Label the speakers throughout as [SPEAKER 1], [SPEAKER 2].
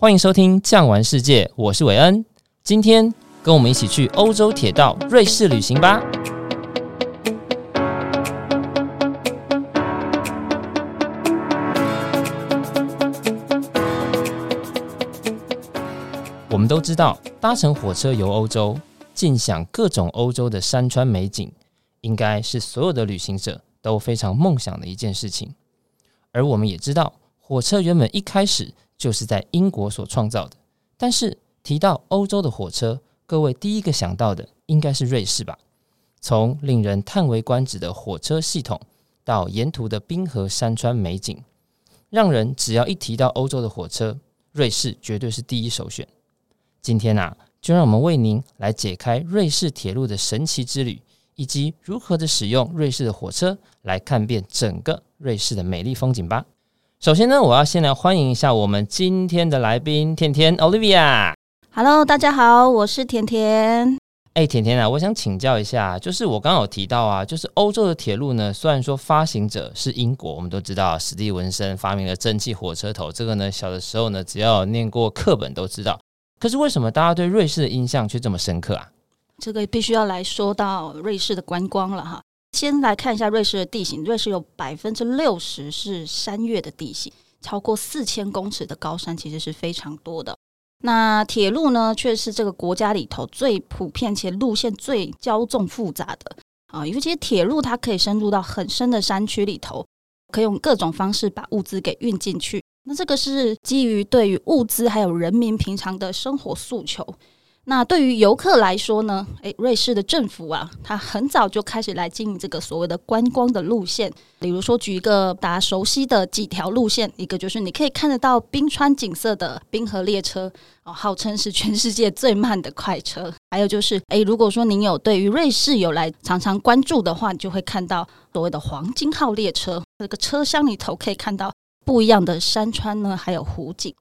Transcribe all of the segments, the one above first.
[SPEAKER 1] 歡迎收聽《匠玩世界》，我是偉恩。今天跟我們一起去歐洲鐵道、瑞士旅行吧。嗯、我們都知道，搭乘火車遊歐洲，盡享各種歐洲的山川美景，應該是所有的旅行者都非常夢想的一件事情。而我們也知道，火車原本一開始，就是在英國所創造的，但是提到歐洲的火車，各位第一個想到的應該是瑞士吧？從令人嘆為觀止的火車系統，到沿途的冰河山川美景，讓人只要一提到歐洲的火車，瑞士絕對是第一首選。今天吶、啊，就讓我們為您來解開瑞士鐵路的神奇之旅，以及如何的使用瑞士的火車來看遍整個瑞士的美麗風景吧。首先呢，我要先來歡迎一下我們今天的來賓，甜甜 Olivia。
[SPEAKER 2] Hello，大家好，我是甜甜。
[SPEAKER 1] 哎，甜甜啊，我想請教一下，就是我剛剛有提到啊，就是歐洲的鐵路呢，雖然說發行者是英國，我們都知道史蒂文森發明了蒸汽火車頭，這個呢，小的時候呢，只要念過課本都知道。可是為什麼大家對瑞士的印象卻這麼深刻啊？
[SPEAKER 2] 這個必須要來說到瑞士的觀光了哈。先來看一下瑞士的地形。瑞士有百分之六十是山岳的地形，超過四千公尺的高山其實是非常多的。那鐵路呢，卻是這個國家裡頭最普遍且路線最交縱複雜的啊、呃。尤其鐵路，它可以深入到很深的山區裡頭，可以用各種方式把物資給運進去。那這個是基於對於物資還有人民平常的生活訴求。那對於遊客來說呢？誒、哎，瑞士的政府啊，它很早就開始來經營這個所謂的觀光的路線。比如說，舉一個大家熟悉的幾條路線，一個就是你可以看得到冰川景色的冰河列車，哦，號稱是全世界最慢的快車。還有就是，誒、哎，如果說您有對於瑞士有來常常關注的話，你就會看到所謂的黃金號列車，這個車廂裡頭可以看到不一樣的山川呢，還有湖景。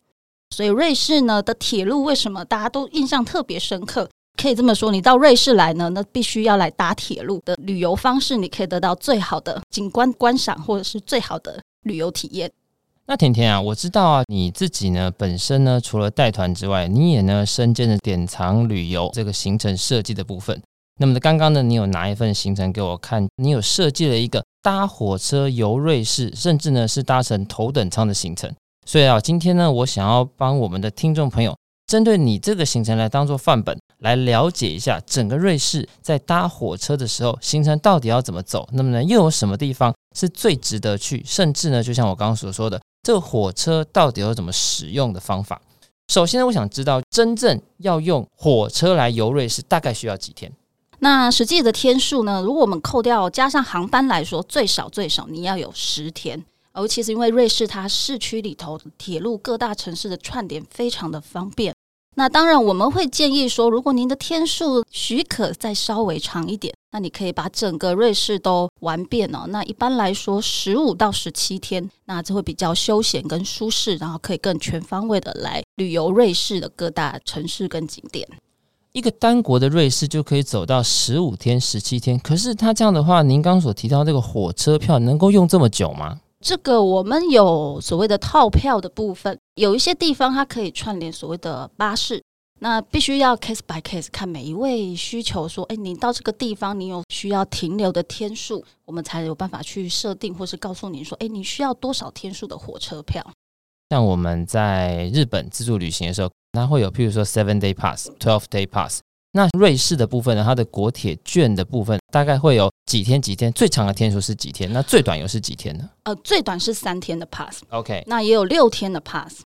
[SPEAKER 2] 所以瑞士呢的鐵路為什麼大家都印象特別深刻？可以這麼說，你到瑞士來呢，那必須要來搭鐵路的旅遊方式，你可以得到最好的景觀觀賞，或者是最好的旅遊體驗。
[SPEAKER 1] 那甜甜啊，我知道啊，你自己呢本身呢，除了帶團之外，你也呢身兼着典藏旅遊這個行程設計的部分。那麼呢，剛剛呢，你有拿一份行程給我看，你有設計了一個搭火車遊瑞士，甚至呢是搭乘頭等艙的行程。所以啊，今天呢，我想要幫我們的聽眾朋友，針對你這個行程來當做範本，來了解一下整個瑞士在搭火車的時候行程到底要怎麼走，那麼呢，又有什麼地方是最值得去？甚至呢，就像我剛剛所說的，這火車到底要怎麼使用的方法？首先呢，我想知道真正要用火車來遊瑞士，大概需要幾天？
[SPEAKER 2] 那實際的天數呢？如果我們扣掉加上航班來說，最少最少你要有十天。而其實因為瑞士它市區裡頭鐵路各大城市的串點非常的方便，那當然我們會建議說，如果您的天數許可再稍微長一點，那你可以把整個瑞士都玩遍哦。那一般來說十五到十七天，那就會比較休閒跟舒適，然後可以更全方位的來旅遊瑞士的各大城市跟景點。
[SPEAKER 1] 一個單國的瑞士就可以走到十五天、十七天，可是他這樣的話，您剛所提到這個火車票能夠用這麼久嗎？
[SPEAKER 2] 這個我們有所謂的套票的部分，有一些地方它可以串聯所謂的巴士，那必須要 case by case 看每一位需求說，哎、欸，你到這個地方，你有需要停留的天數，我們才有辦法去設定或是告訴你說，哎、欸，你需要多少天數的火車票。
[SPEAKER 1] 像我們在日本自助旅行的時候，那會有譬如說 seven day pass、twelve day pass。那瑞士的部分呢？它的國鐵券的部分大概會有幾天？幾天最長的天數是幾天？那最短又是幾天呢？
[SPEAKER 2] 呃，最短是三天的 pass。OK，那也有六天的 pass。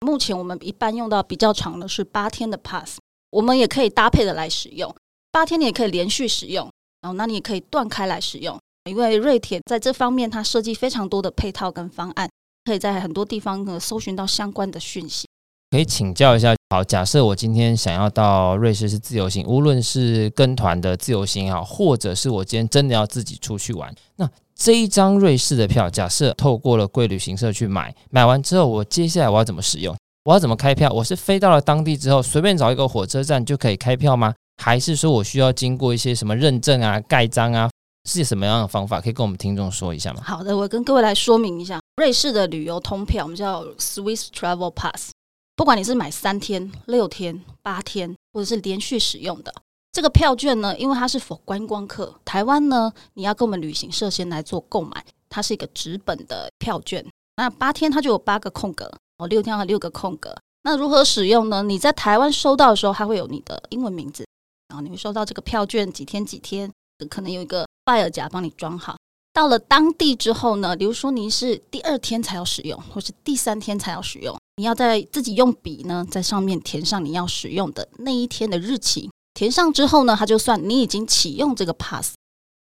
[SPEAKER 2] 目前我們一般用到比較長的是八天的 pass。我們也可以搭配的來使用，八天你也可以連續使用，然後那你也可以斷開來使用。因為瑞鐵在這方面它設計非常多的配套跟方案，可以在很多地方呢搜尋到相關的訊息。
[SPEAKER 1] 可以請教一下。好，假設我今天想要到瑞士是自由行，無論是跟團的自由行也好，或者是我今天真的要自己出去玩，那這一張瑞士的票，假設透過了貴旅行社去買，買完之後我接下來我要怎麼使用？我要怎麼開票？我是飛到了當地之後，隨便找一個火車站就可以開票嗎？還是說我需要經過一些什麼認證啊、蓋章啊？是什麼樣的方法？可以跟我們聽眾說一下嗎？
[SPEAKER 2] 好的，我跟各位來說明一下，瑞士的旅遊通票，我們叫，叫，叫 Swiss Travel Pass。不管你是買三天、六天、八天，或者是連續使用的這個票券呢，因為它是 for 觀光客。台灣呢，你要跟我們旅行社先來做購買，它是一個紙本的票券。那八天它就有八個空格，哦，六天有六個空格。那如何使用呢？你在台灣收到的時候，它會有你的英文名字，然後你會收到這個票券幾天幾天，可能有一個拜爾夾幫你裝好。到了當地之後呢，比如說您是第二天才要使用，或是第三天才要使用。你要在自己用筆呢，在上面填上你要使用的那一天的日期。填上之後呢，它就算你已經啟用這個 pass。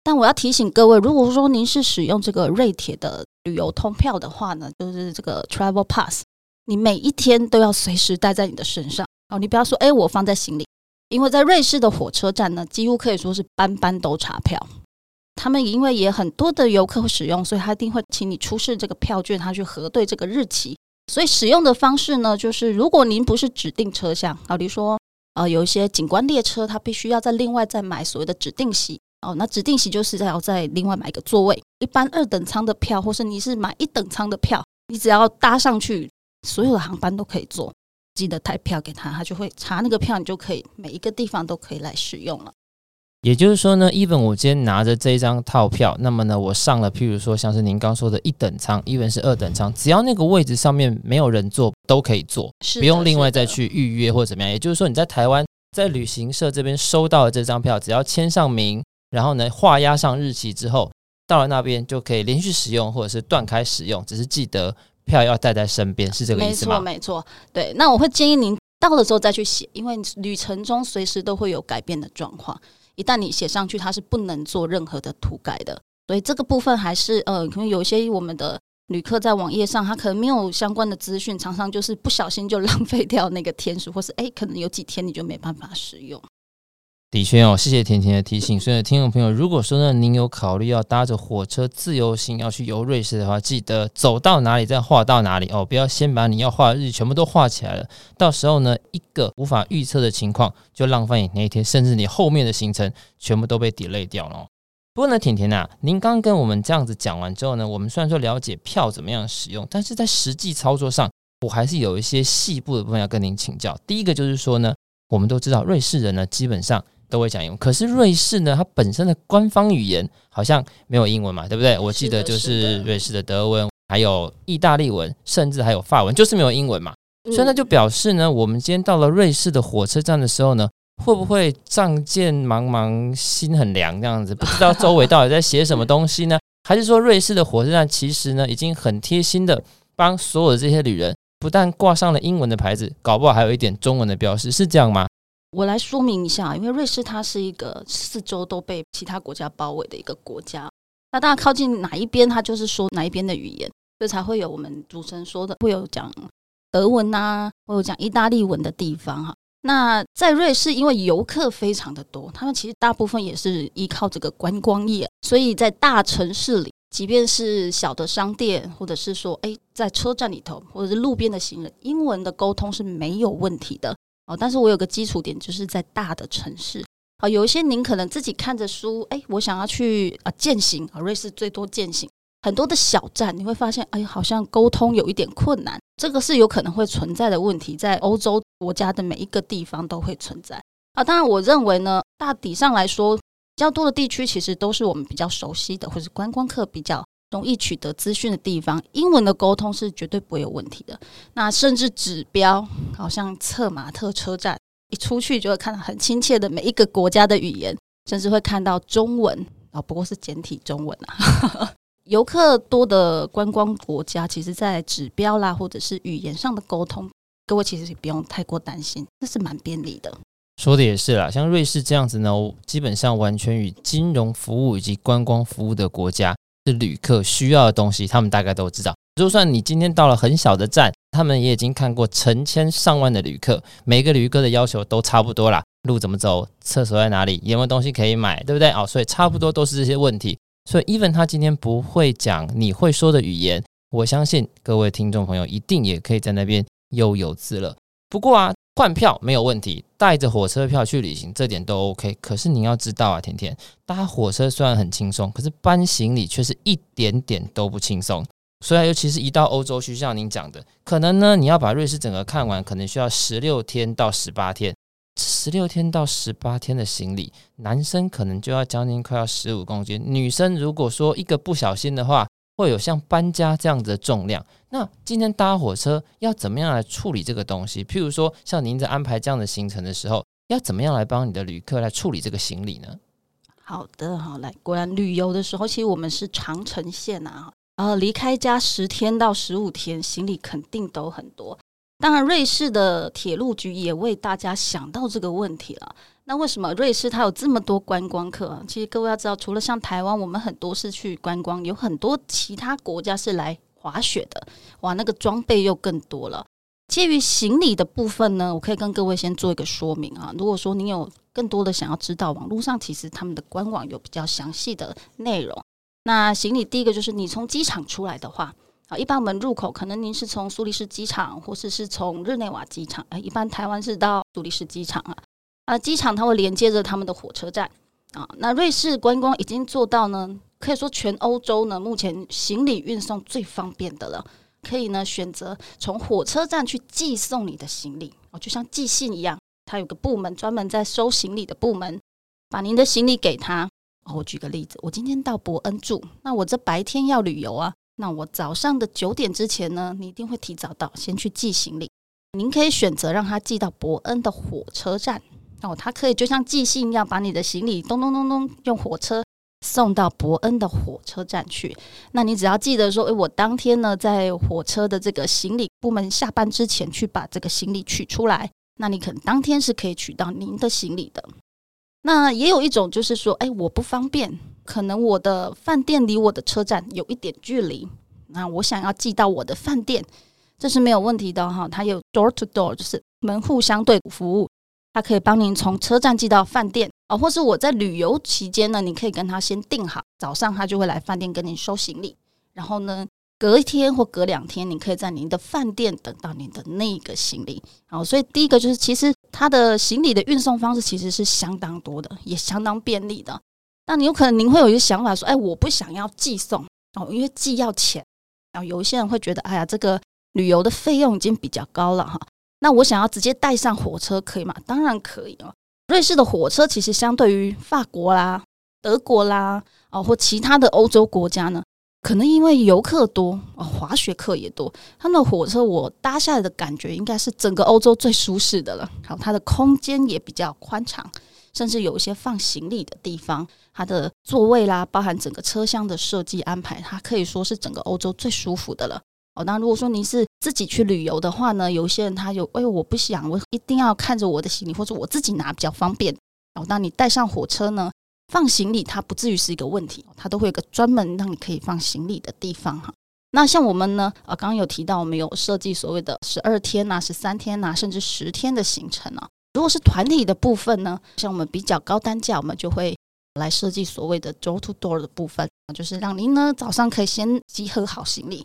[SPEAKER 2] 但我要提醒各位，如果說您是使用這個瑞鐵的旅遊通票的話呢，就是這個 Travel Pass，你每一天都要隨時帶在你的身上。哦，你不要說，哎、欸，我放在行李，因為在瑞士的火車站呢，幾乎可以說是班班都查票。他們因為也很多的遊客會使用，所以他一定會請你出示這個票券，他去核對這個日期。所以使用的方式呢，就是如果您不是指定車廂，好比說，呃，有一些景觀列車，他必須要在另外再買所謂的指定席哦。那指定席就是要在另外買一個座位。一般二等艙的票，或是你是買一等艙的票，你只要搭上去，所有的航班都可以坐。記得帶票給他，他就會查那個票，你就可以每一個地方都可以來使用了。
[SPEAKER 1] 也就是說呢，e n 我今天拿着這一張套票，那麼呢，我上了，譬如說，像是您剛說的一等艙，e n 是二等艙，只要那個位置上面沒有人坐，都可以坐是的不用另外再去預約或者怎麼樣。的也就是說，你在台灣在旅行社這邊收到了這張票，只要簽上名，然後呢，畫押上日期之後，到了那邊就可以連續使用或者是斷開使用，只是記得票要帶在身邊，是這個意思嗎？沒錯，
[SPEAKER 2] 沒錯。對，那我會建議您到了之後再去寫，因為旅程中隨時都會有改變的狀況。一旦你寫上去，它是不能做任何的塗改的，所以這個部分還是呃，可能有些我們的旅客在網頁上，他可能沒有相關的資訊，常常就是不小心就浪費掉那個天數，或是哎、欸，可能有幾天你就沒辦法使用。
[SPEAKER 1] 的確哦，謝謝甜甜的提醒。所以聽眾朋友，如果說呢您有考慮要搭着火車自由行要去遊瑞士的話，記得走到哪裡再畫到哪裡哦，不要先把你要畫的日子全部都畫起來了。到時候呢，一個無法預測的情況就浪費你那一天，甚至你後面的行程全部都被 delay 掉了哦。不過呢，甜甜啊，您剛跟我們這樣子講完之後呢，我們雖然說了解票怎麼樣使用，但是在實際操作上，我還是有一些細部的部分要跟您請教。第一個就是說呢，我們都知道瑞士人呢基本上。都會講英文，可是瑞士呢，它本身的官方語言好像沒有英文嘛，對不對？的我記得就是瑞士的德文，的還有意大利文，甚至還有法文，就是沒有英文嘛。所以那就表示呢，我們今天到了瑞士的火車站的時候呢，會不會仗劍茫茫，茫，心很涼這樣子？不知道周圍到底在寫什麼東西呢？ 還是說瑞士的火車站其實呢，已經很貼心的幫所有的這些旅人，不但掛上了英文的牌子，搞不好還有一點中文的標識，是這樣嗎？
[SPEAKER 2] 我來說明一下，因為瑞士它是一個四周都被其他國家包圍的一個國家，那大家靠近哪一邊，它就是說哪一邊的語言，所以才會有我們主持人說的會有講德文啊，會有講意大利文的地方哈。那在瑞士，因為遊客非常的多，他們其實大部分也是依靠這個觀光業，所以在大城市裡，即便是小的商店，或者是說誒、欸，在車站裡頭，或者是路邊的行人，英文的溝通是沒有問題的。.但是我有個基礎點，就是在大的城市啊，有一些您可能自己看着書，哎，我想要去啊健行啊，瑞士最多健行很多的小站，你會發現，哎，好像溝通有一點困難，這個是有可能會存在的問題，在歐洲國家的每一個地方都會存在啊。當然，我認為呢，大體上來說，比較多的地區其實都是我們比較熟悉的，或是觀光客比較。容易取得資訊的地方，英文的溝通是絕對不會有問題的。那甚至指標，好像策馬特車站一出去就會看到很親切的每一個國家的語言，甚至會看到中文，不過是簡體中文啊。遊 客多的觀光國家，其實在指標啦或者是語言上的溝通，各位其實也不用太過擔心，這是蠻便利的。
[SPEAKER 1] 說的也是啦，像瑞士這樣子呢，基本上完全與金融服務以及觀光服務的國家。是旅客需要的東西，他們大概都知道。就算你今天到了很小的站，他們也已經看過成千上萬的旅客，每個旅客的要求都差不多啦。路怎麼走？廁所在哪裡？有沒有東西可以買？對不對？哦，所以差不多都是這些問題。所以，even 他今天不會講你會說的語言，我相信各位聽眾朋友一定也可以在那邊悠遊自樂。不過啊。換票沒有問題，帶着火車票去旅行，這點都 OK。可是你要知道啊，甜甜搭火車雖然很輕鬆，可是搬行李卻是一點點都不輕鬆。所以，尤其是一到歐洲去，像您講的，可能呢，你要把瑞士整個看完，可能需要十六天到十八天。十六天到十八天的行李，男生可能就要將近快要十五公斤，女生如果說一個不小心的話。會有像搬家這樣子的重量，那今天搭火車要怎麼樣來處理這個東西？譬如說，像您在安排這樣的行程的時候，要怎麼樣來幫你的旅客來處理這個行李呢？
[SPEAKER 2] 好的，好來，果然旅遊的時候，其實我們是長程線啊，後、啊、離開家十天到十五天，行李肯定都很多。當然，瑞士的鐵路局也為大家想到這個問題了。那為什麼瑞士它有這麼多觀光客啊？其實各位要知道，除了像台灣，我們很多是去觀光，有很多其他國家是來滑雪的，哇，那個裝備又更多了。介於行李的部分呢，我可以跟各位先做一個說明啊。如果說您有更多的想要知道，網絡上其實他們的官網有比較詳細的內容。那行李第一個就是你從機場出來的話，啊，一般我們入口可能您是從蘇黎世機場，或者是從日內瓦機場，誒、呃，一般台灣是到蘇黎世機場啊。那機場它會連接着他們的火車站啊。那瑞士觀光已經做到呢，可以說全歐洲呢目前行李運送最方便的了。可以呢選擇從火車站去寄送你的行李，哦，就像寄信一樣，它有個部門專門在收行李的部門，把您的行李給他。哦，我舉個例子，我今天到伯恩住，那我這白天要旅遊啊，那我早上的九點之前呢，你一定會提早到，先去寄行李。您可以選擇讓他寄到伯恩的火車站。哦，他可以就像寄信一樣，把你的行李咚咚咚咚用火車送到伯恩的火車站去。那你只要記得說，誒、欸，我當天呢在火車的這個行李部門下班之前去把這個行李取出來，那你可能當天是可以取到您的行李的。那也有一種就是說，誒、欸，我不方便，可能我的飯店離我的車站有一點距離，那我想要寄到我的飯店，這是沒有問題的哈、哦。它有 door to door，就是門戶相對服務。他可以幫您從車站寄到飯店啊，或是我在旅遊期間呢，你可以跟他先訂好，早上他就會來飯店跟您收行李，然後呢，隔一天或隔兩天，您可以在您的飯店等到您的那個行李。好，所以第一個就是，其實它的行李的運送方式其實是相當多的，也相當便利的。那你有可能您會有一個想法說，哎，我不想要寄送哦，因為寄要錢，然後有一些人會覺得，哎呀，這個旅遊的費用已經比較高了哈。那我想要直接帶上火車可以嗎？當然可以哦。瑞士的火車其實相對於法國啦、德國啦啊、哦、或其他的歐洲國家呢，可能因為遊客多、哦，滑雪客也多，它的火車我搭下來的感覺應該是整個歐洲最舒適的了。然後它的空間也比較寬敞，甚至有一些放行李的地方。它的座位啦，包含整個車廂的設計安排，它可以說是整個歐洲最舒服的了。那如果說您是自己去旅遊的話呢，有些人他就哎呦，我不想，我一定要看着我的行李，或者我自己拿比較方便。那當你帶上火車呢，放行李它不至於是一個問題，它都會有一個專門讓你可以放行李的地方哈。那像我們呢，啊，剛剛有提到我們有設計所謂的十二天吶、啊、十三天吶、啊，甚至十天的行程呢。如果是團體的部分呢，像我們比較高單價，我們就會來設計所謂的 door to door 的部分，就是讓您呢早上可以先集合好行李。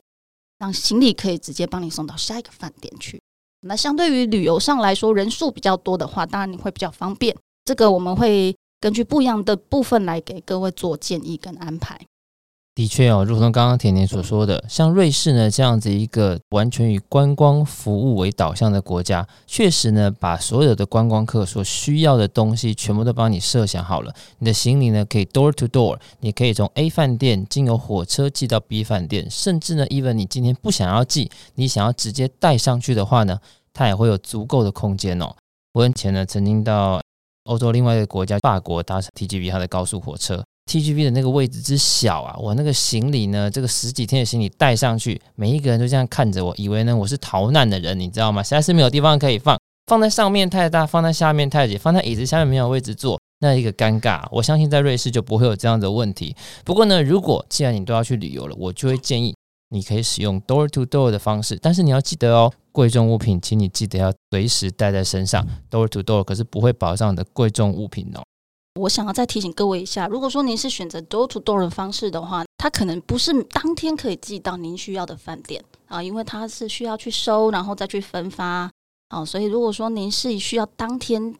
[SPEAKER 2] 讓行李可以直接幫你送到下一個飯店去。那相對於旅遊上來說，人數比較多的話，當然你會比較方便。這個我們會根據不一樣的部分來給各位做建議跟安排。
[SPEAKER 1] 的確哦，如同剛剛甜甜所說的，像瑞士呢這樣子一個完全以觀光服務為導向的國家，確實呢把所有的觀光客所需要的東西全部都幫你設想好了。你的行李呢可以 door to door，你可以從 A 飯店經由火車寄到 B 飯店，甚至呢 even 你今天不想要寄，你想要直接帶上去的話呢，它也會有足夠的空間哦。我以前呢曾經到歐洲另外一個國家法國搭乘 TGV 它的高速火車。TGV 的那個位置之小啊，我那個行李呢，這個十幾天的行李帶上去，每一個人都這樣看着我，以為呢我是逃難的人，你知道嗎？實在是沒有地方可以放，放在上面太大，放在下面太擠，放在椅子下面沒有位置坐，那一個尷尬。我相信在瑞士就不會有這樣的問題。不過呢，如果既然你都要去旅遊了，我就會建議你可以使用 door to door 的方式，但是你要記得哦，貴重物品，請你記得要隨時帶在身上。door to door 可是不會保障你的貴重物品哦。
[SPEAKER 2] 我想要再提醒各位一下，如果說您是選擇 door to door 的方式的話，它可能不是當天可以寄到您需要的飯店啊，因為它是需要去收，然後再去分發啊。所以，如果說您是需要當天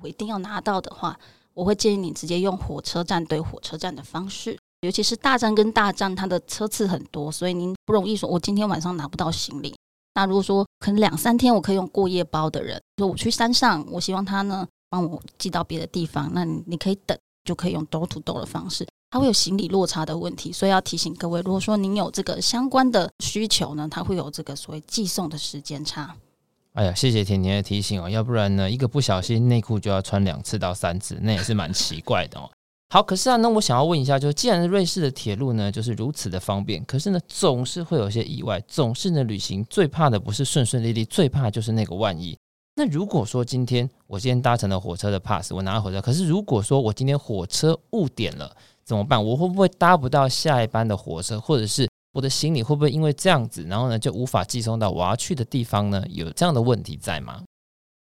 [SPEAKER 2] 我一定要拿到的話，我會建議你直接用火車站對火車站的方式，尤其是大站跟大站，它的車次很多，所以您不容易說我今天晚上拿不到行李。那如果說可能兩三天，我可以用過夜包的人，就我去山上，我希望他呢。幫我寄到別的地方，那你可以等，就可以用 door to door 的方式，它會有行李落差的問題，所以要提醒各位，如果說您有這個相關的需求呢，它會有這個所謂寄送的時間差。
[SPEAKER 1] 哎呀，謝謝甜甜的提醒哦，要不然呢，一個不小心內褲就要穿兩次到三次，那也是蠻奇怪的哦。 好，可是啊，那我想要問一下，就是既然瑞士的鐵路呢就是如此的方便，可是呢總是會有些意外，總是呢旅行最怕的不是順順利利，最怕就是那個萬一。那如果說今天我今天搭乘了火車的 pass，我拿了火車，可是如果說我今天火車誤點了怎麼辦？我會不會搭不到下一班的火車，或者是我的行李會不會因為這樣子，然後呢就無法寄送到我要去的地方呢？有這樣的問題在嗎？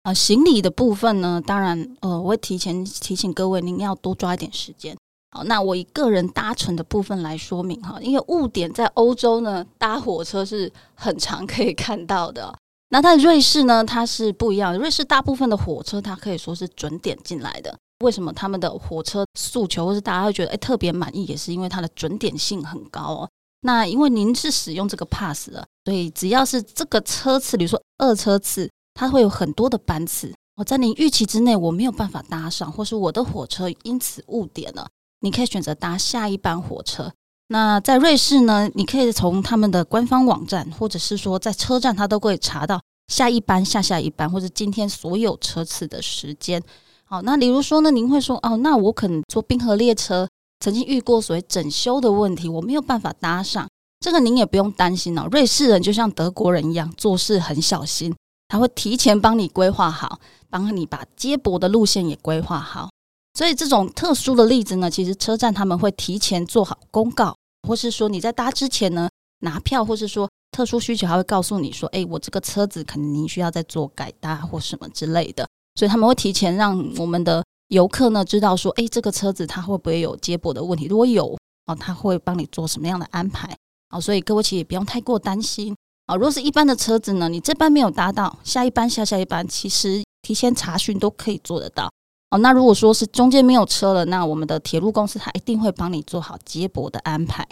[SPEAKER 2] 啊、呃，行李的部分呢，當然呃，我會提前提醒各位，您要多抓一點時間。好，那我以個人搭乘的部分來說明哈，因為誤點在歐洲呢，搭火車是很常可以看到的。那在瑞士呢，它是不一樣的。瑞士大部分的火車，它可以說是準點進來的。為什麼他們的火車訴求，或是大家會覺得哎、欸、特別滿意，也是因為它的準點性很高哦。那因為您是使用這個 pass 的，所以只要是這個車次，比如說二車次，它會有很多的班次。我在您預期之內，我沒有辦法搭上，或是我的火車因此誤點了，你可以選擇搭下一班火車。那在瑞士呢，你可以從他們的官方網站，或者是說在車站，他都會查到下一班、下下一班，或者今天所有車次的時間。好，那比如說呢，您會說哦，那我可能坐冰河列車曾經遇過所謂整修的問題，我沒有辦法搭上。這個您也不用擔心哦，瑞士人就像德國人一樣做事很小心，他會提前幫你規劃好，幫你把接駁的路線也規劃好。所以這種特殊的例子呢，其實，車站他們會提前做好公告，或是說你在搭之前呢，拿票，或是說特殊需求還會告訴你說，哎，我這個車子可能您需要再做改搭或什麼之類的。所以他們會提前讓我們的遊客呢知道說，哎，這個車子它會不會有接駁的問題？如果有哦，他會幫你做什麼樣的安排？哦，所以各位其實也不用太過擔心。哦，如果是一般的車子呢，你這班沒有搭到，下一班、下下一班，其實提前查詢都可以做得到。哦，那如果說是中間沒有車了，那我們的鐵路公司它一定會幫你做好接駁的安排。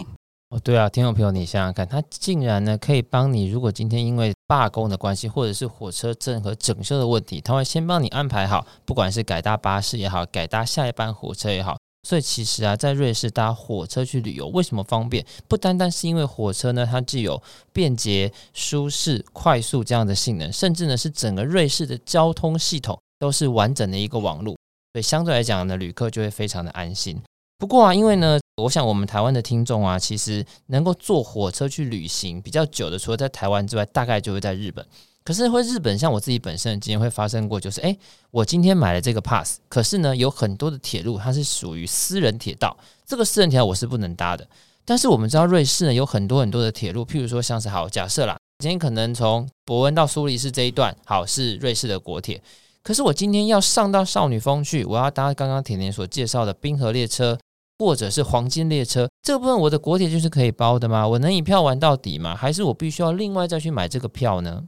[SPEAKER 1] 哦，對啊，聽眾朋友，你想想看，他竟然呢可以幫你，如果今天因為罷工的關係，或者是火車站和整修的問題，他會先幫你安排好，不管是改搭巴士也好，改搭下一班火車也好。所以其實啊，在瑞士搭火車去旅遊，為什麼方便？不單單是因為火車呢，它具有便捷、舒適、快速這樣的性能，甚至呢是整個瑞士的交通系統都是完整的一個網絡。對，相對來講呢，旅客就會非常的安心。不過啊，因為呢，我想我們台灣的聽眾啊，其實能夠坐火車去旅行比較久的，除了在台灣之外，大概就會在日本。可是會是日本，像我自己本身今天會發生過，就是哎，我今天買了這個 pass，可是呢，有很多的鐵路它是屬於私人鐵道，這個私人鐵道我是不能搭的。但是我們知道瑞士呢，有很多很多的鐵路，譬如說像是好假設啦，今天可能從伯恩到蘇黎世這一段，好是瑞士的國鐵。可是我今天要上到少女峰去，我要搭剛剛甜甜所介紹的冰河列車，或者是黃金列車，這個、部分我的國鐵就是可以包的嗎？我能一票玩到底嗎？還是我必須要另外再去買這個票呢？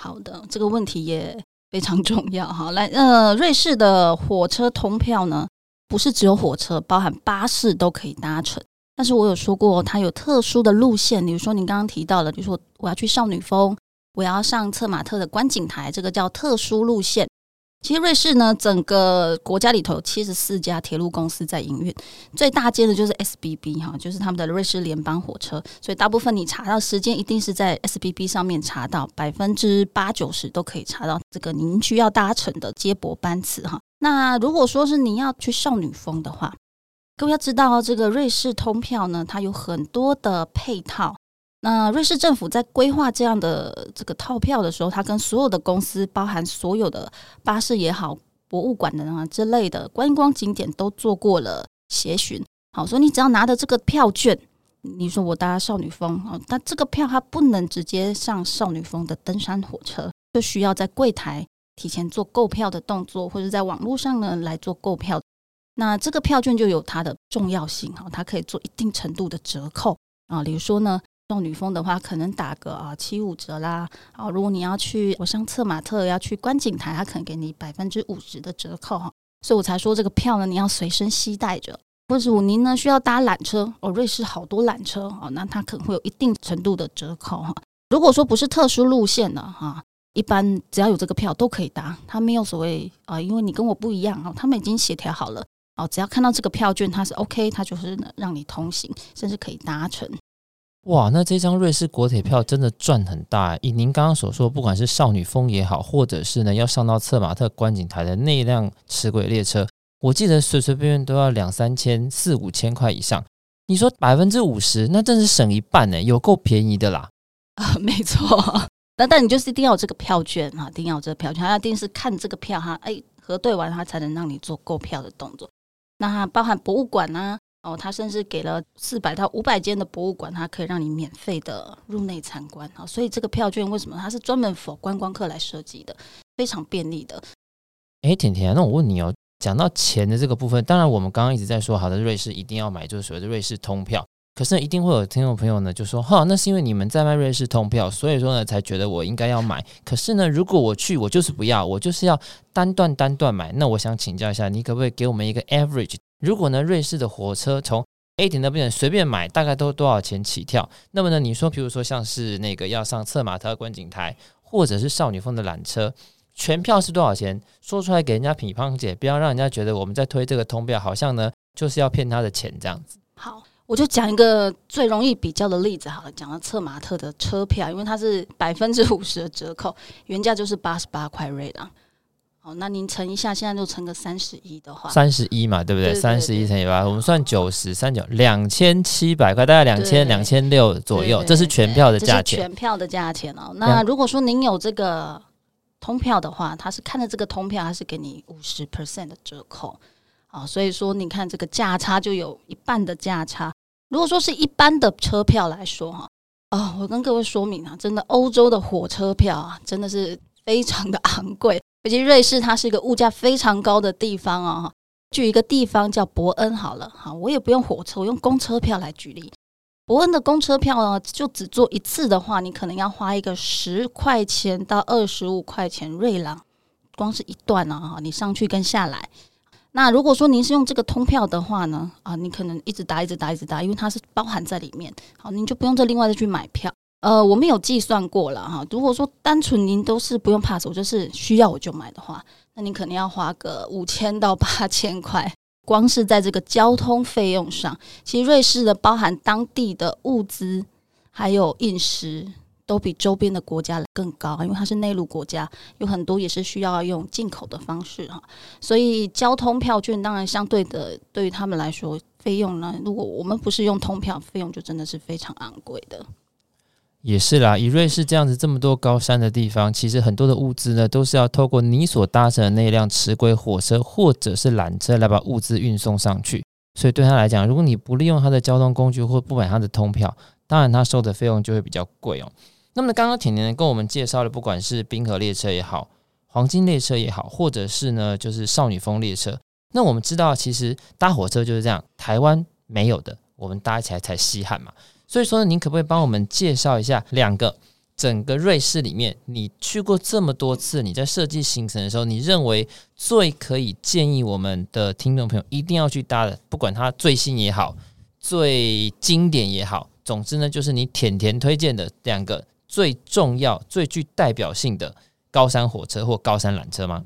[SPEAKER 2] 好的，這個問題也非常重要哈。好，來，呃，瑞士的火車通票呢，不是只有火車，包含巴士都可以搭乘。但是我有說過，它有特殊的路線，比如說您剛剛提到的，比如說我要去少女峰，我要上策馬特的觀景台，這個叫特殊路線。其實瑞士呢，整個國家裡頭有七十四家鐵路公司在營運，最大間的就是 SBB 哈，就是他們的瑞士聯邦火車。所以大部分你查到時間，一定是在 SBB 上面查到，百分之八九十都可以查到這個您需要搭乘的接駁班次哈。那如果說是你要去少女峰的話，各位要知道這個瑞士通票呢，它有很多的配套。那瑞士政府在規劃這樣的這個套票的時候，它跟所有的公司，包含所有的巴士也好、博物館的啊之類的觀光景點，都做過了協尋。好，所以你只要拿着這個票券，你說我搭少女峰啊，但這個票它不能直接上少女峰的登山火車，就需要在櫃檯提前做購票的動作，或者在網絡上呢來做購票。那這個票券就有它的重要性啊，它可以做一定程度的折扣啊，比如說呢。少女峰的話，可能打個啊七五折啦。啊、哦，如果你要去，我上策馬特要去觀景台，他可能給你百分之五十的折扣哈。所以我才說這個票呢，你要隨身攜帶着。或者我您呢需要搭纜車哦，瑞士好多纜車哦，那它可能會有一定程度的折扣哈。如果說不是特殊路線的哈、啊，一般只要有這個票都可以搭，它沒有所謂啊，因為你跟我不一樣啊、哦，他們已經協調好了哦，只要看到這個票券它是 OK，它就是讓你通行，甚至可以搭乘。
[SPEAKER 1] 哇，那這張瑞士國鐵票真的賺很大。以您剛剛所說，不管是少女峰也好，或者是呢要上到策馬特觀景台的那一輛齒軌列車，我記得隨隨便便都要兩三千、四五千塊以上。你說百分之五十，那真是省一半呢，有夠便宜的啦。
[SPEAKER 2] 啊、呃，沒錯。那但你就是一定要有這個票券啊，一定要有這個票券，它一定是看這個票哈，哎、欸，核對完他才能讓你做購票的動作。那它包含博物館啊。哦，他甚至給了四百到五百間的博物館，它可以讓你免費的入內參觀。好、哦，所以這個票券為什麼它是專門 for 觀光客來設計的，非常便
[SPEAKER 1] 利的。哎、欸，甜甜、啊，那我問你哦，講到錢的這個部分，當然我們剛剛一直在說，好的，瑞士一定要買，就是所謂的瑞士通票。可是一定會有聽眾朋友呢，就說哈，那是因為你們在賣瑞士通票，所以說呢，才覺得我應該要買。可是呢，如果我去，我就是不要，我就是要單段單段買。那我想請教一下，你可不可以給我們一個 average？如果呢，瑞士的火車從 A 點那邊隨便買，大概都多少錢起跳？那麼呢，你說，比如說像是那個要上策馬特觀景台，或者是少女峰的纜車，全票是多少錢？說出來給人家評判一下，不要讓人家覺得我們在推這個通票，好像呢就是要騙他的錢這樣子。好，
[SPEAKER 2] 我就講一個最容易比較的例子好了，講到策馬特的車票，因為它是百分之五十的折扣，原價就是八十八塊瑞郎。哦、那您乘一下，現在就乘個三十一的話，三十一嘛，對不對？三十
[SPEAKER 1] 一乘以八、嗯，我們算九十三九兩千七百塊，大概兩千兩千六左右，對對對對對這是全票的價錢。全
[SPEAKER 2] 票的價錢哦。那如果說您有這個通票的話，他樣是看着這個通票，他是給你五十 percent 的折扣。啊、哦，所以說你看這個價差就有一半的價差。如果說是一般的車票來說哈、哦，我跟各位說明啊，真的歐洲的火車票啊，真的是非常的昂貴。北京瑞士，它是一個物價非常高的地方哦，舉一個地方叫伯恩好了，哈，我也不用火車，我用公車票來舉例。伯恩的公車票呢，就只坐一次的話，你可能要花一個十塊錢到二十五塊錢瑞朗。光是一段啊，哈，你上去跟下來。那如果說您是用這個通票的話呢，啊，你可能一直搭，一直搭，一直搭，因為它是包含在裡面，好，您就不用再另外再去買票。呃，我們有計算過了哈。如果說單純您都是不用 pass，我就是需要我就買的話，那您可能要花個五千到八千塊，光是在這個交通費用上。其實瑞士的包含當地的物資還有飲食，都比周邊的國家更高，因為它是內陸國家，有很多也是需要用進口的方式哈。所以交通票券當然相對的，對於他們來說費用呢，如果我們不是用通票，費用就真的是非常昂貴的。
[SPEAKER 1] 也是啦，以瑞士這樣子這麼多高山的地方，其實很多的物資呢都是要透過你所搭乘的那輛齒軌火車或者是纜車來把物資運送上去。所以對他來講，如果你不利用他的交通工具或不買他的通票，當然他收的費用就會比較貴喔。那麼剛剛甜甜跟我們介紹的，不管是冰河列車也好，黃金列車也好，或者是呢就是少女峰列車，那我們知道其實搭火車就是這樣，台灣沒有的，我們搭起來才稀罕嘛。所以說，您可不可以幫我們介紹一下兩個，整個瑞士裡面你去過這麼多次，你在設計行程的時候，你認為最可以建議我們的聽眾朋友一定要去搭的，不管它最新也好，最經典也好，總之呢，就是你甜甜推薦的兩個最重要、最具代表性的高山火車或高山纜車嗎？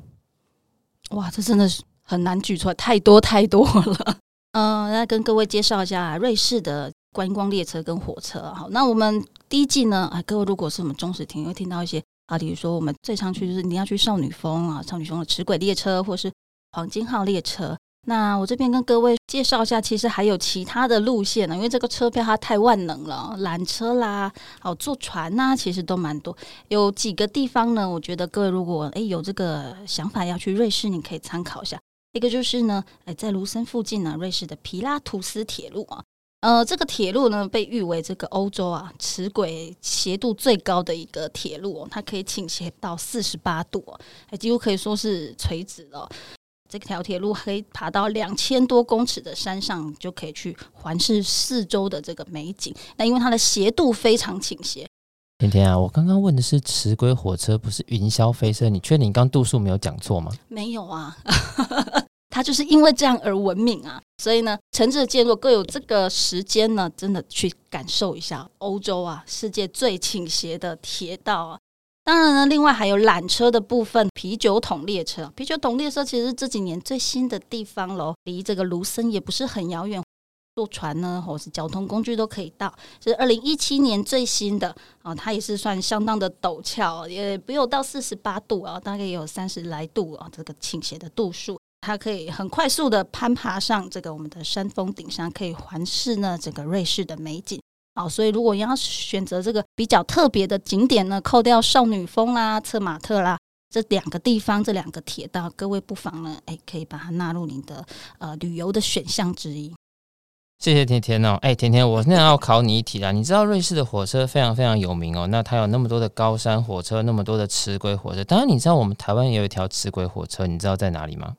[SPEAKER 2] 哇，這真的是很難舉出來，太多太多了。嗯，那跟各位介紹一下瑞士的觀光列車跟火車，好，那我們第一季呢？哎，各位如果是我們忠實聽友，會聽到一些啊，比如說我們最常去就是你要去少女峰啊，少女峰的齒軌列車或是黃金號列車。那我這邊跟各位介紹一下，其實還有其他的路線呢，因為這個車票它太萬能了，纜車啦，好坐船啊，其實都蠻多。有幾個地方呢，我覺得各位如果哎有這個想法要去瑞士，你可以參考一下。一個就是呢，哎，在盧森附近呢，瑞士的皮拉圖斯鐵路啊。呃，這個鐵路呢，被譽為這個歐洲啊，齒軌斜度最高的一個鐵路，它可以傾斜到四十八度，還幾乎可以說是垂直了。這條、個、鐵路可以爬到兩千多公尺的山上，就可以去環視四周的這個美景。那因為它的斜度非常傾斜。
[SPEAKER 1] 甜甜啊，我剛剛問的是齒軌火車，不是雲霄飛車。你確定你剛度數沒有講錯嗎？
[SPEAKER 2] 沒有啊， 它就是因為這樣而聞名啊。所以呢，誠摯的如果各有這個時間呢，真的去感受一下歐洲啊，世界最傾斜的鐵道啊。當然呢，另外還有纜車的部分，啤酒桶列車。啤酒桶列車其實這幾年最新的地方嘍，離這個盧森也不是很遙遠，坐船呢或、哦、是交通工具都可以到。就是二零一七年最新的啊、哦，它也是算相當的陡峭，也不用到四十八度啊、哦，大概也有三十來度啊、哦，這個傾斜的度數。它可以很快速的攀爬上這個我們的山峰頂上，可以環視呢整個瑞士的美景。好、哦，所以如果你要選擇這個比較特別的景點呢，扣掉少女峰啦、策馬特啦這兩個地方，這兩個鐵道，各位不妨呢，哎，可以把它納入你的呃旅遊的選項之一。
[SPEAKER 1] 謝謝甜甜哦，哎、欸，甜甜，我現在要考你一題啦。你知道瑞士的火車非常非常有名哦、喔，那它有那麼多的高山火車，那麼多的齒軌火車，當然你知道我們台灣也有一條齒軌火車，你知道在哪裡嗎？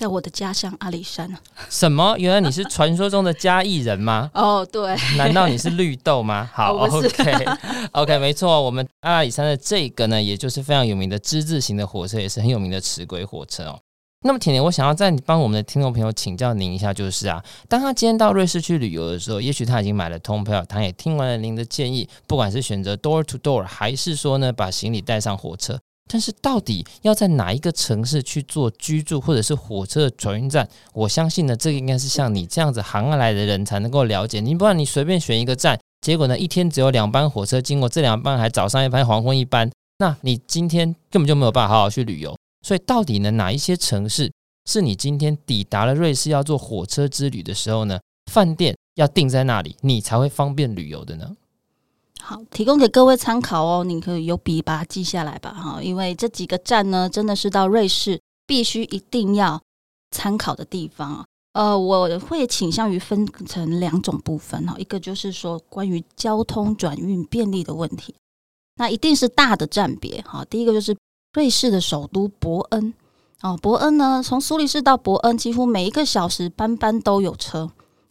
[SPEAKER 2] 在我的家鄉阿里
[SPEAKER 1] 山。什麼？原來你是傳說中的嘉義人嗎？
[SPEAKER 2] 哦，對。 難道你是
[SPEAKER 1] 綠豆嗎？好、哦、 ，OK，OK，okay. Okay, 沒錯。我們阿里山的這個呢，也就是非常有名的之字型的火車，也是很有名的齒軌火車哦。那麼，甜甜，我想要再幫我們的聽眾朋友請教您一下，就是啊，當他今天到瑞士去旅遊的時候，也許他已經買了通票，他也聽完了您的建議，不管是選擇 door to door，還是說呢，把行李帶上火車。但是到底要在哪一個城市，去做居住，或者是火車的轉運站？我相信呢，這個應該是像你這樣子行而來的人才能夠了解。你不然你隨便選一個站，結果呢，一天只有兩班火車經過，這兩班還早上一班，黃昏一班。那你今天根本就沒有辦法好好去旅遊。所以到底呢，哪一些城市，是你今天抵達了瑞士要坐火車之旅的時候呢？飯店要定在那裡，你才會方便旅遊的呢？好，提供給
[SPEAKER 2] 各位參考哦，你可以有筆把它記下來吧，哈、哦，因為這幾個站呢，真的是到瑞士必須一定要參考的地方、哦。呃，我會傾向於分成兩種部分哈、哦，一個就是說關於交通轉運便利的問題，那一定是大的站別哈、哦。第一個就是瑞士的首都伯恩，哦，伯恩呢，從蘇黎世到伯恩幾乎每一個小時班班都有車，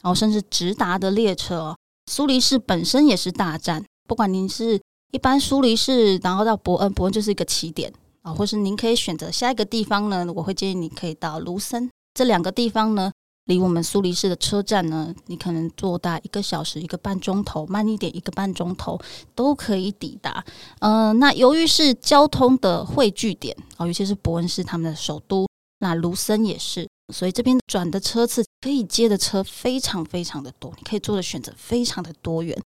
[SPEAKER 2] 然後，哦，甚至直達的列車、哦。蘇黎世本身也是大站。不管您是一般蘇黎世，然後到伯恩，伯恩就是一個起點啊、哦，或是您可以選擇下一個地方呢，我會建議你可以到盧森。這兩個地方呢，離我們蘇黎世的車站呢，你可能坐大概一個小時、一個半鐘頭，慢一點一個半鐘頭都可以抵達。嗯、呃，那由於是交通的匯聚點啊、哦，尤其是伯恩是他們的首都，那盧森也是，所以這邊轉的車次可以接的車非常非常的多，你可以做的選擇非常的多元。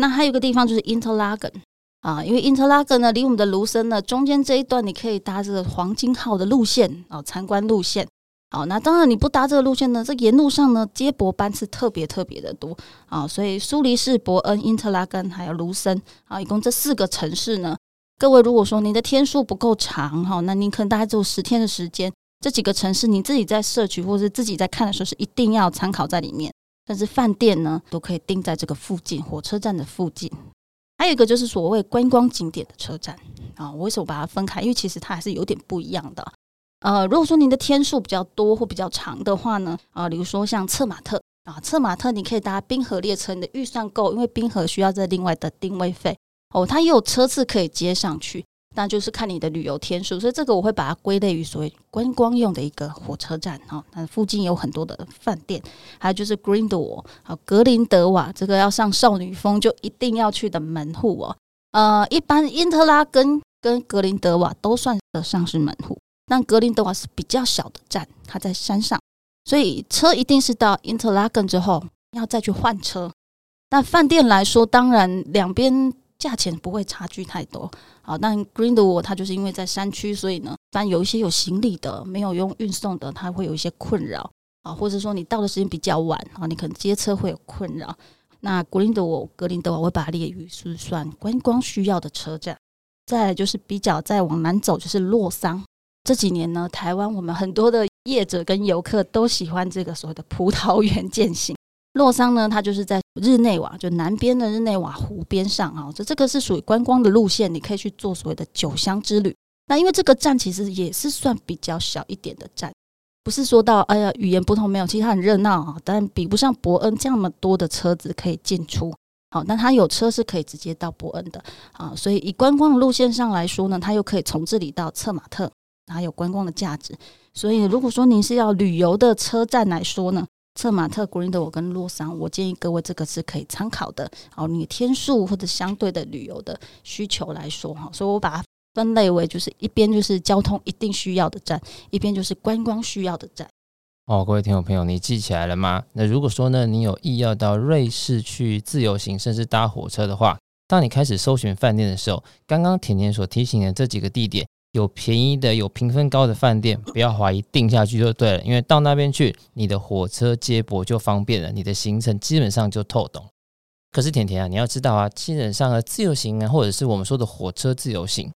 [SPEAKER 2] 那還有一個地方就是 Interlaken 啊，因為 Interlaken 呢，離我們的盧森呢中間這一段，你可以搭這個黃金號的路線哦，參、啊、觀路線。好、啊，那、啊、當然你不搭這個路線呢，這個、沿路上呢接駁班次特別特別的多啊，所以蘇黎世、伯恩、Interlaken 還有盧森啊，一共這四個城市呢，各位如果說您的天數不夠長哈、啊，那您可能大概只有十天的時間，這幾個城市你自己在攝取或是自己在看的時候，是一定要參考在裡面。甚至飯店呢，都可以訂在這個附近，火車站的附近。還有一個就是所謂觀光景點的車站啊，我為什麼把它分開？因為其實它還是有點不一樣的。呃，如果說您的天數比較多或比較長的話呢，啊，比如說像策馬特啊，策馬特你可以搭冰河列車，你的預算夠，因為冰河需要在另外的定位費哦，它也有車次可以接上去。那就是看你的旅遊天數，所以這個我會把它歸類於所謂觀光用的一個火車站哈、哦。那附近有很多的飯店，還有就是 Green Door。好，格林德瓦這個要上少女峰就一定要去的門戶哦。呃，一般因特拉根跟格林德瓦都算得上是門戶，但格林德瓦是比較小的站，它在山上，所以車一定是到因特拉根之後要再去換車。那飯店來說，當然兩邊價錢不會差距太多。啊，但 Grindelwald，它就是因為在山區，所以呢，反正有一些有行李的，沒有用運送的，它會有一些困擾啊，或者說你到的時間比較晚，啊，你可能接車會有困擾。那 Grindelwald，格林德瓦我會把它列於是，是算觀光需要的車站。再來就是比較再往南走，就是洛桑。這幾年呢，台灣我們很多的業者跟遊客都喜歡這個所謂的葡萄園健行。洛桑呢，它就是在日內瓦，就南邊的日內瓦湖邊上啊，哦，所以這個是屬於觀光的路線，你可以去做所謂的酒鄉之旅。那因為這個站其實也是算比較小一點的站，不是說到哎呀語言不通沒有，其實它很熱鬧啊，但比不上伯恩這樣那麼多的車子可以進出。好，那它有車是可以直接到伯恩的啊，所以以觀光的路線上來說呢，它又可以從這裡到策馬特，它有觀光的價值。所以如果說您是要旅遊的車站來說呢？策馬特、古林德瓦，我跟洛桑，我建議各位這個是可以參考的。然後，你天數或者相對的旅遊的需求來說哈，所以我把它分類為就是一邊就是交通一定需要的站，一邊就是觀光需要的站。
[SPEAKER 1] 哦，各位聽眾朋友，你記起來了嗎？那如果說呢，你有意要到瑞士去自由行，甚至搭火車的話，當你開始搜尋飯店的時候，剛剛甜甜所提醒的這幾個地點。有便宜的，有評分高的飯店，不要懷疑，訂下去就對了。因為到那邊去，你的火車接駁就方便了，你的行程基本上就透懂。可是甜甜啊，你要知道啊，基本上的自由行啊，或者是我們說的火車自由行，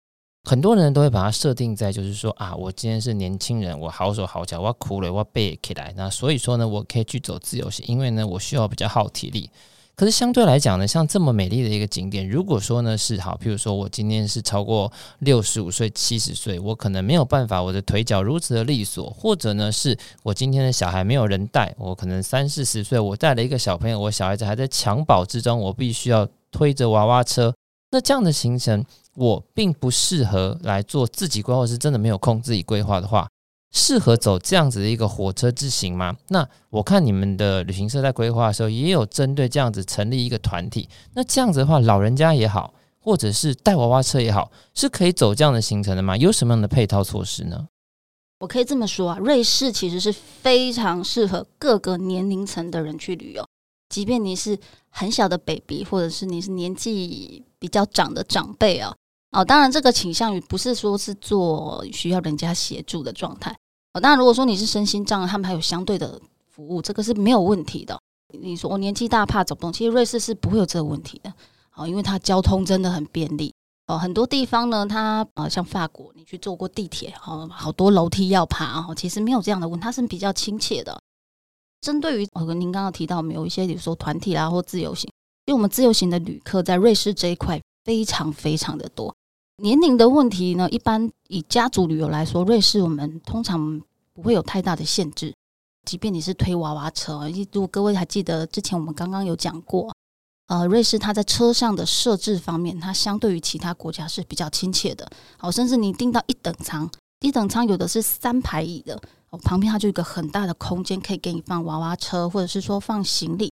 [SPEAKER 1] 很多人都會把它設定在就是說啊，我今天是年輕人，我好手好腳，我哭了，我背起來，那所以說呢，我可以去走自由行，因為呢，我需要比較耗體力。可是相對來講呢，像這麼美麗的一個景點，如果說呢是好，譬如說我今天是超過六十五歲、七十歲，我可能沒有辦法，我的腿腳如此的利索，或者呢是我今天的小孩沒有人帶，我可能三四十歲，我帶了一個小朋友，我小孩子還在襁褓之中，我必須要推着娃娃車，那這樣的行程我並不適合來做自己規劃，是真的沒有空自己規劃的話。適合走這樣子的一個火車之行嗎？那我看你們的旅行社在規劃的時候，也有針對這樣子成立一個團體。那這樣子的話，老人家也好，或者是帶娃娃車也好，是可以走這樣的行程的嗎？有什麼樣的配套措施呢？
[SPEAKER 2] 我可以這麼說啊，瑞士其實是非常適合各個年齡層的人去旅遊，即便你是很小的 baby，或者是你是年紀比較長的長輩啊，喔，哦，當然這個傾向於不是說是做需要人家協助的狀態。哦、那如果說你是身心障礙，他們還有相對的服務，這個是沒有問題的。你說我、哦、年紀大怕走動，其實瑞士是不會有這個問題的。好、哦，因為它交通真的很便利。哦，很多地方呢，它啊、呃、像法國，你去坐過地鐵，好、哦、好多樓梯要爬、哦，其實沒有這樣的問題，它是比較親切的。針對於我、哦、跟您剛剛提到，我們有一些，比如說團體啦、啊，或自由行，因為我們自由行的旅客在瑞士這一塊非常非常的多。年齡的問題呢，一般以家族旅遊來說，瑞士我們通常不會有太大的限制。即便你是推娃娃車，如果各位還記得之前我們剛剛有講過，呃，瑞士它在車上的設置方面，它相對於其他國家是比較親切的。好，甚至你訂到一等艙，一等艙有的是三排椅的，哦，旁邊它就有個很大的空間可以給你放娃娃車，或者是說放行李，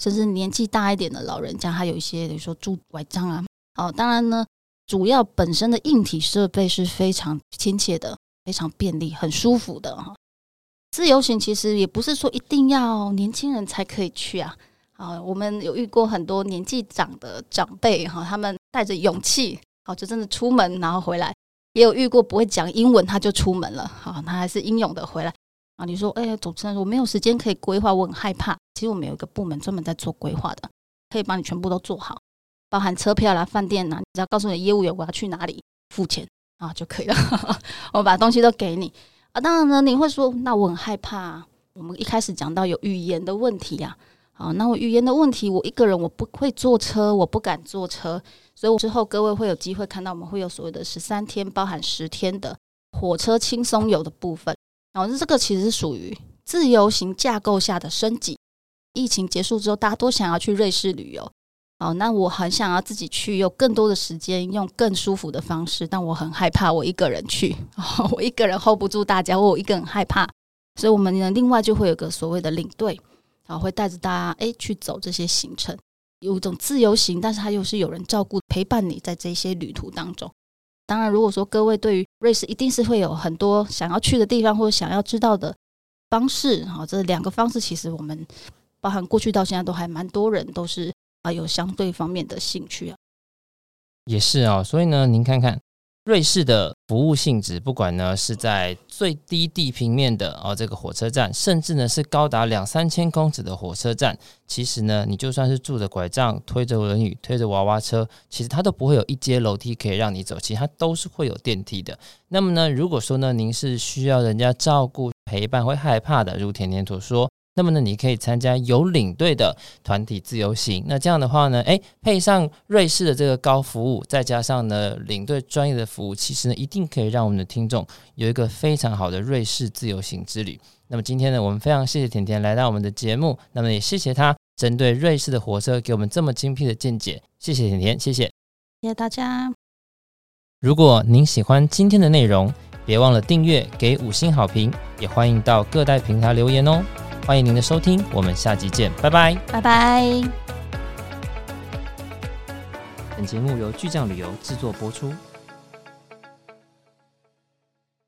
[SPEAKER 2] 甚至年紀大一點的老人家，他有一些比如說拄拐杖啊。哦，當然呢。主要本身的硬體設備是非常親切的，非常便利，很舒服的啊。自由行其實也不是說一定要年輕人才可以去啊。啊，我們有遇過很多年紀長的長輩哈、啊，他們帶着勇氣，好、啊、就真的出門，然後回來。也有遇過不會講英文，他就出門了，哈、啊，他還是英勇的回來。啊，你說，哎、欸、呀，主持人，我沒有時間可以規劃，我很害怕。其實我們有一個部門專門在做規劃的，可以幫你全部都做好。包含車票啦、飯店、啊、你只要告訴你業務員，我要去哪裡付錢啊就可以了。 我把東西都給你啊。當然呢，你會說那我很害怕，啊。我們一開始講到有語言的問題呀、啊、啊，那我語言的問題，我一個人我不會坐車，我不敢坐車。所以我之後各位會有機會看到我們會有所謂的十三天，包含十天的火車輕鬆遊的部分。然後、啊、這個其實是屬於自由行架構下的升級。疫情結束之後，大家都想要去瑞士旅遊。好，那我很想要自己去，有更多的時間，用更舒服的方式，但我很害怕我一個人去， 我一個人 hold 不住大家，我一個人害怕，所以我們呢，另外就會有個所謂的領隊，啊，會帶着大家哎、欸、去走這些行程，有一種自由行，但是它又是有人照顧陪伴你在這些旅途當中。當然，如果說各位對於瑞士一定是會有很多想要去的地方，或者想要知道的方式，好，這兩個方式其實我們包含過去到現在都還蠻多人都是。啊，有相對方面的興趣啊，
[SPEAKER 1] 也是啊、哦，所以呢，您看看瑞士的服務性質，不管呢是在最低地平面的啊、哦，這個火車站，甚至呢是高達兩三千公尺的火車站，其實呢，你就算是拄着拐杖，推着輪椅，推着娃娃車，其實它都不會有一階樓梯可以讓你走，其實它都是會有電梯的。那麼呢，如果說呢，您是需要人家照顧陪伴，會害怕的，如甜甜所說。那麼呢，你可以參加有領隊的團體自由行。那這樣的話呢，誒，配上瑞士的這個高服務，再加上呢領隊專業的服務，其實呢一定可以讓我們的聽眾有一個非常好的瑞士自由行之旅。那麼今天呢，我們非常謝謝甜甜來到我們的節目，那麼也謝謝她針對瑞士的火車給我們這麼精闢的見解。謝謝甜甜，謝謝，謝
[SPEAKER 2] 謝大家。
[SPEAKER 1] 如果您喜歡今天的內容，別忘了訂閱、給五星好評，也歡迎到各大平台留言哦。歡迎您的收聽，我們下集見，拜拜，拜拜。本節目由巨匠旅遊制作播出。